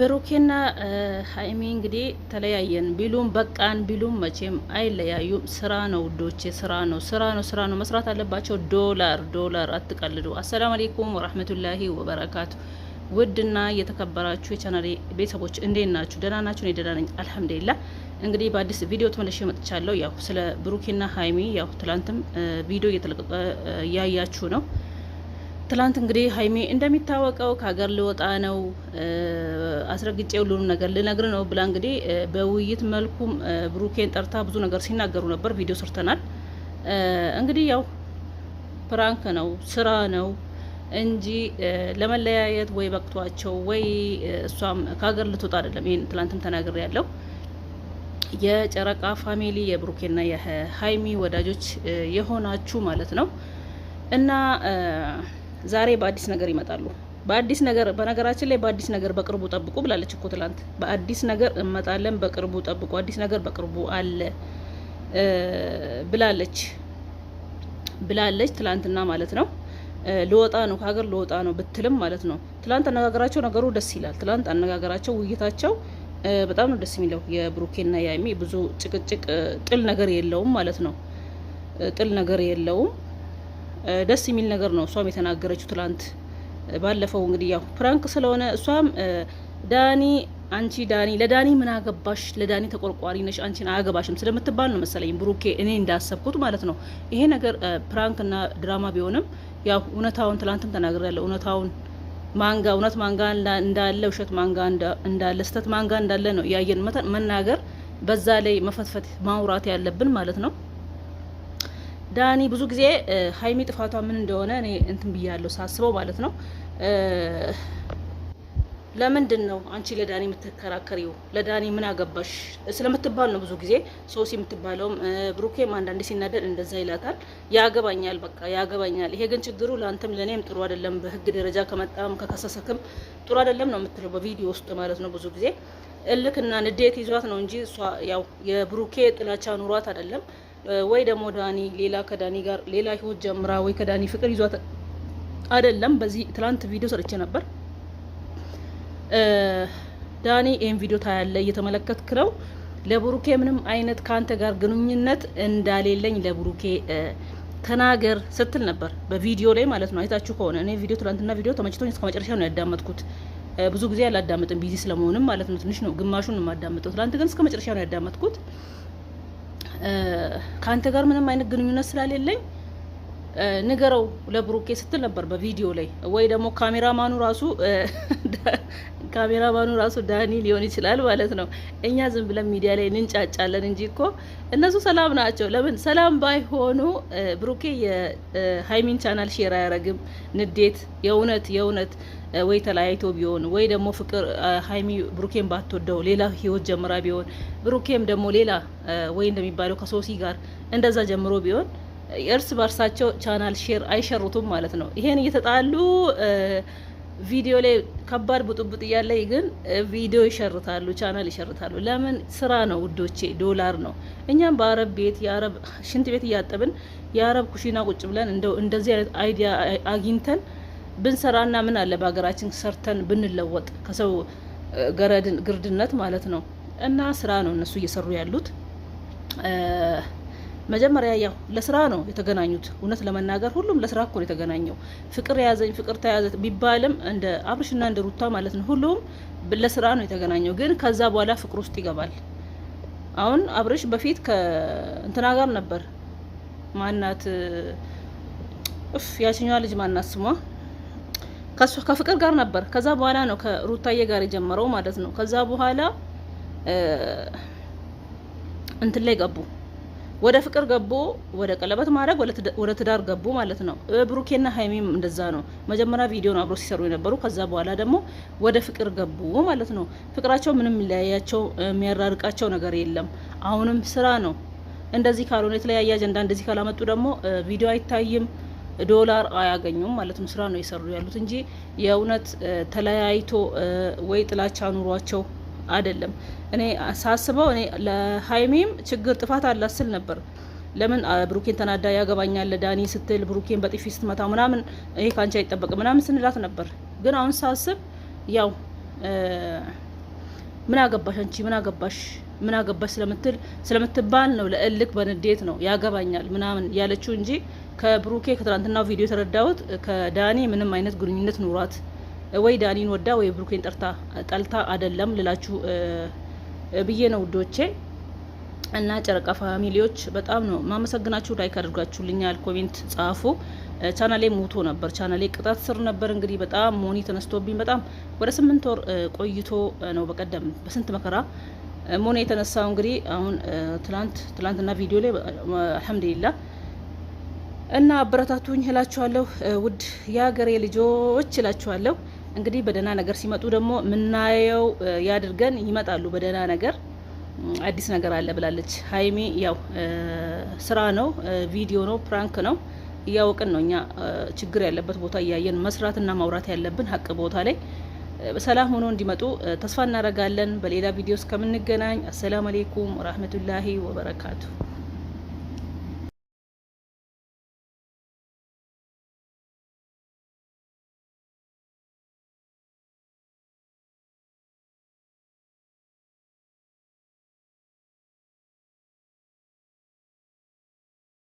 ብሩኬና ሀይሜ እንግዲህ ተለያየን ቢሉም በቃን ቢሉም መቼም አይለያዩም። ስራ ነው ውዶቼ፣ ስራ ነው ስራ ነው ስራ ነው መስራት አለባቸው። ዶላር ዶላር አትቀልዱ። አሰላሙ አሌይኩም ወራህመቱላሂ ወበረካቱ። ውድና የተከበራችሁ የቻናሌ ቤተሰቦች እንዴት ናችሁ? ደህና ናችሁ? እኔ ደህና ነኝ አልሐምዱሊላ። እንግዲህ በአዲስ ቪዲዮ ተመልሼ መጥቻለሁ። ያው ስለ ብሩኬና ሀይሚ ያው ትላንትም ቪዲዮ እየተለቀቀ እያያችሁ ነው ትላንት እንግዲህ ሀይሚ እንደሚታወቀው ከሀገር ልወጣ ነው አስረግጬ ሁሉንም ነገር ልነግር ነው ብላ እንግዲህ በውይይት መልኩም ብሩኬን ጠርታ ብዙ ነገር ሲናገሩ ነበር። ቪዲዮ ሰርተናል። እንግዲህ ያው ፕራንክ ነው ስራ ነው እንጂ ለመለያየት ወይ በቅቷቸው ወይ እሷም ከሀገር ልትወጣ አይደለም። ይህን ትላንትም ተናግሬ ያለው የጨረቃ ፋሚሊ የብሩኬና የሀይሚ ወዳጆች የሆናችሁ ማለት ነው እና ዛሬ በአዲስ ነገር ይመጣሉ። በአዲስ ነገር በነገራችን ላይ በአዲስ ነገር በቅርቡ ጠብቁ ብላለች እኮ ትላንት። በአዲስ ነገር እመጣለን በቅርቡ ጠብቁ፣ አዲስ ነገር በቅርቡ አለ ብላለች ብላለች ትላንትና ማለት ነው። ልወጣ ነው ከሀገር ልወጣ ነው ብትልም ማለት ነው። ትላንት አነጋገራቸው ነገሩ ደስ ይላል። ትላንት አነጋገራቸው ውይይታቸው በጣም ነው ደስ የሚለው። የብሩኬና የሀይሚ ብዙ ጭቅጭቅ ጥል ነገር የለውም ማለት ነው። ጥል ነገር የለውም። ደስ የሚል ነገር ነው። እሷም የተናገረችው ትላንት ባለፈው እንግዲህ ያው ፕራንክ ስለሆነ እሷም ዳኒ አንቺ ዳኒ ለዳኒ ምን አገባሽ? ለዳኒ ተቆርቋሪ ነሽ፣ አንቺን አያገባሽም ስለምትባል ነው መሰለኝ ብሩኬ፣ እኔ እንዳሰብኩት ማለት ነው። ይሄ ነገር እና ድራማ ቢሆንም ያው እውነታውን ትላንትም ተናግሬያለሁ። እውነታውን ማንጋ እውነት ማንጋ እንዳለ ውሸት ማንጋ እንዳለ ስህተት ማንጋ እንዳለ ነው ያየን መናገር፣ በዛ ላይ መፈትፈት ማውራት ያለብን ማለት ነው። ዳኒ ብዙ ጊዜ ሀይሚ ጥፋቷ ምን እንደሆነ እኔ እንትን ብያለሁ ሳስበው ማለት ነው። ለምንድን ነው አንቺ ለዳኒ የምትከራከሪው? ለዳኒ ምን አገባሽ ስለምትባል ነው ብዙ ጊዜ ሶሲ የምትባለውም ብሩኬም አንዳንዴ ሲናደድ እንደዛ ይላታል። ያገባኛል፣ በቃ ያገባኛል። ይሄ ግን ችግሩ ለአንተም ለእኔም ጥሩ አይደለም። በህግ ደረጃ ከመጣም ከከሰሰክም ጥሩ አይደለም ነው የምትለው በቪዲዮ ውስጥ ማለት ነው። ብዙ ጊዜ እልክና ንዴት ይዟት ነው እንጂ እሷ ያው የብሩኬ ጥላቻ ኑሯት አይደለም ወይ ደግሞ ዳኒ ሌላ ከዳኒ ጋር ሌላ ህይወት ጀምራ ወይ ከዳኒ ፍቅር ይዟት አይደለም። በዚህ ትላንት ቪዲዮ ሰርቼ ነበር። ዳኒ ይህን ቪዲዮ ታያለ፣ እየተመለከትክ ነው። ለብሩኬ ምንም አይነት ከአንተ ጋር ግንኙነት እንዳሌለኝ ለብሩኬ ተናገር ስትል ነበር፣ በቪዲዮ ላይ ማለት ነው። አይታችሁ ከሆነ እኔ ቪዲዮ ትላንትና ቪዲዮ ተመችቶኝ እስከ መጨረሻ ነው ያዳመጥኩት። ብዙ ጊዜ አላዳመጥም ቢዚ ስለመሆንም ማለት ነው። ትንሽ ነው ግማሹን የማዳመጠው። ትላንት ግን እስከ መጨረሻ ነው ያዳመጥኩት። ከአንተ ጋር ምንም አይነት ግንኙነት ስላሌለኝ ንገረው ለብሩኬ ስትል ነበር በቪዲዮ ላይ ወይ ደግሞ ካሜራማኑ ራሱ ካሜራማኑ ራሱ ዳኒ ሊሆን ይችላል ማለት ነው። እኛ ዝም ብለን ሚዲያ ላይ እንንጫጫለን እንጂ እኮ እነሱ ሰላም ናቸው። ለምን ሰላም ባይሆኑ ብሩኬ የሀይሚን ቻናል ሼር አያረግም። ንዴት የእውነት የእውነት ወይ ተለያይቶ ቢሆን ወይ ደግሞ ፍቅር ሀይሚ ብሩኬን ባትወደው ሌላ ህይወት ጀምራ ቢሆን ብሩኬም ደግሞ ሌላ ወይ እንደሚባለው ከሶሲ ጋር እንደዛ ጀምሮ ቢሆን እርስ በርሳቸው ቻናል ሼር አይሸሩትም ማለት ነው። ይሄን እየተጣሉ ቪዲዮ ላይ ከባድ ቡጥቡጥ እያለ ግን ቪዲዮ ይሸርታሉ፣ ቻናል ይሸርታሉ። ለምን ስራ ነው ውዶቼ፣ ዶላር ነው። እኛም በአረብ ቤት የአረብ ሽንት ቤት እያጠብን የአረብ ኩሽና ቁጭ ብለን እንደው እንደዚህ አይነት አይዲያ አግኝተን ብንሰራና ምን አለ በሀገራችን ሰርተን ብንለወጥ ከሰው ገረድን ግርድነት ማለት ነው። እና ስራ ነው እነሱ እየሰሩ ያሉት። መጀመሪያ ያው ለስራ ነው የተገናኙት። እውነት ለመናገር ሁሉም ለስራ እኮ ነው የተገናኘው። ፍቅር የያዘኝ ፍቅር ተያዘ ቢባልም እንደ አብርሽና እንደ ሩታ ማለት ነው ሁሉም ለስራ ነው የተገናኘው። ግን ከዛ በኋላ ፍቅር ውስጥ ይገባል። አሁን አብርሽ በፊት ከእንትና ጋር ነበር ማናት እፍ ያችኛዋ ልጅ ማናት ስሟ ከሱ ከፍቅር ጋር ነበር። ከዛ በኋላ ነው ከሩታዬ ጋር የጀመረው ማለት ነው። ከዛ በኋላ እንትን ላይ ገቡ ወደ ፍቅር ገቡ፣ ወደ ቀለበት ማድረግ፣ ወደ ትዳር ገቡ ማለት ነው። ብሩኬና ሀይሚም እንደዛ ነው። መጀመሪያ ቪዲዮን አብሮ ሲሰሩ የነበሩ ከዛ በኋላ ደግሞ ወደ ፍቅር ገቡ ማለት ነው። ፍቅራቸው ምንም የሚለያያቸው የሚያራርቃቸው ነገር የለም። አሁንም ስራ ነው። እንደዚህ ካልሆነ የተለያየ አጀንዳ እንደዚህ ካላመጡ ደግሞ ቪዲዮ አይታይም፣ ዶላር አያገኙም ማለት ነው። ስራ ነው የሰሩ ያሉት እንጂ የእውነት ተለያይቶ ወይ ጥላቻ ኑሯቸው አይደለም። እኔ ሳስበው እኔ ለሀይሜም ችግር ጥፋት ስል ነበር። ለምን ብሩኬን ተናዳ ያገባኛል ዳኒ ስትል ብሩኬን በጥፊ ስትመታ ምናምን ይሄ ካንቺ አይጠበቅም ምናምን ስንላት ነበር። ግን አሁን ሳስብ ያው ምን አገባሽ አንቺ ምን አገባሽ ምን አገባሽ ስለምትል ስለምትባል ነው ለእልክ በንዴት ነው ያገባኛል ምናምን ያለችው እንጂ ከብሩኬ ከትናንትናው ቪዲዮ የተረዳሁት ከዳኒ ምንም አይነት ግንኙነት ኑሯት ወይ ዳኒን ወዳ ወይ ብሩኬን ጠልታ አይደለም ልላችሁ ብዬ ነው ውዶቼ እና ጨረቃ ፋሚሊዎች በጣም ነው ማመሰግናችሁ። ላይክ አድርጋችሁልኛል፣ ኮሜንት ጻፉ። ቻናሌ ሞቶ ነበር፣ ቻናሌ ቅጣት ስር ነበር። እንግዲህ በጣም ሞኒ ተነስቶብኝ በጣም ወደ ስምንት ወር ቆይቶ ነው በቀደም በስንት መከራ ሞኒ የተነሳው። እንግዲህ አሁን ትላንት ትላንትና ቪዲዮ ላይ አልሐምዱሊላ እና አበረታቱኝ እላችኋለሁ። ውድ የሀገሬ ልጆች እላችኋለሁ። እንግዲህ በደህና ነገር ሲመጡ ደግሞ ምናየው ያድርገን። ይመጣሉ በደህና ነገር። አዲስ ነገር አለ ብላለች ሀይሚ። ያው ስራ ነው፣ ቪዲዮ ነው፣ ፕራንክ ነው። እያወቅን ነው እኛ ችግር ያለበት ቦታ እያየን መስራትና ማውራት ያለብን ሀቅ ቦታ ላይ በሰላም ሆኖ እንዲመጡ ተስፋ እናደርጋለን። በሌላ ቪዲዮ እስከምንገናኝ አሰላም አሌይኩም ወራህመቱላሂ ወበረካቱ።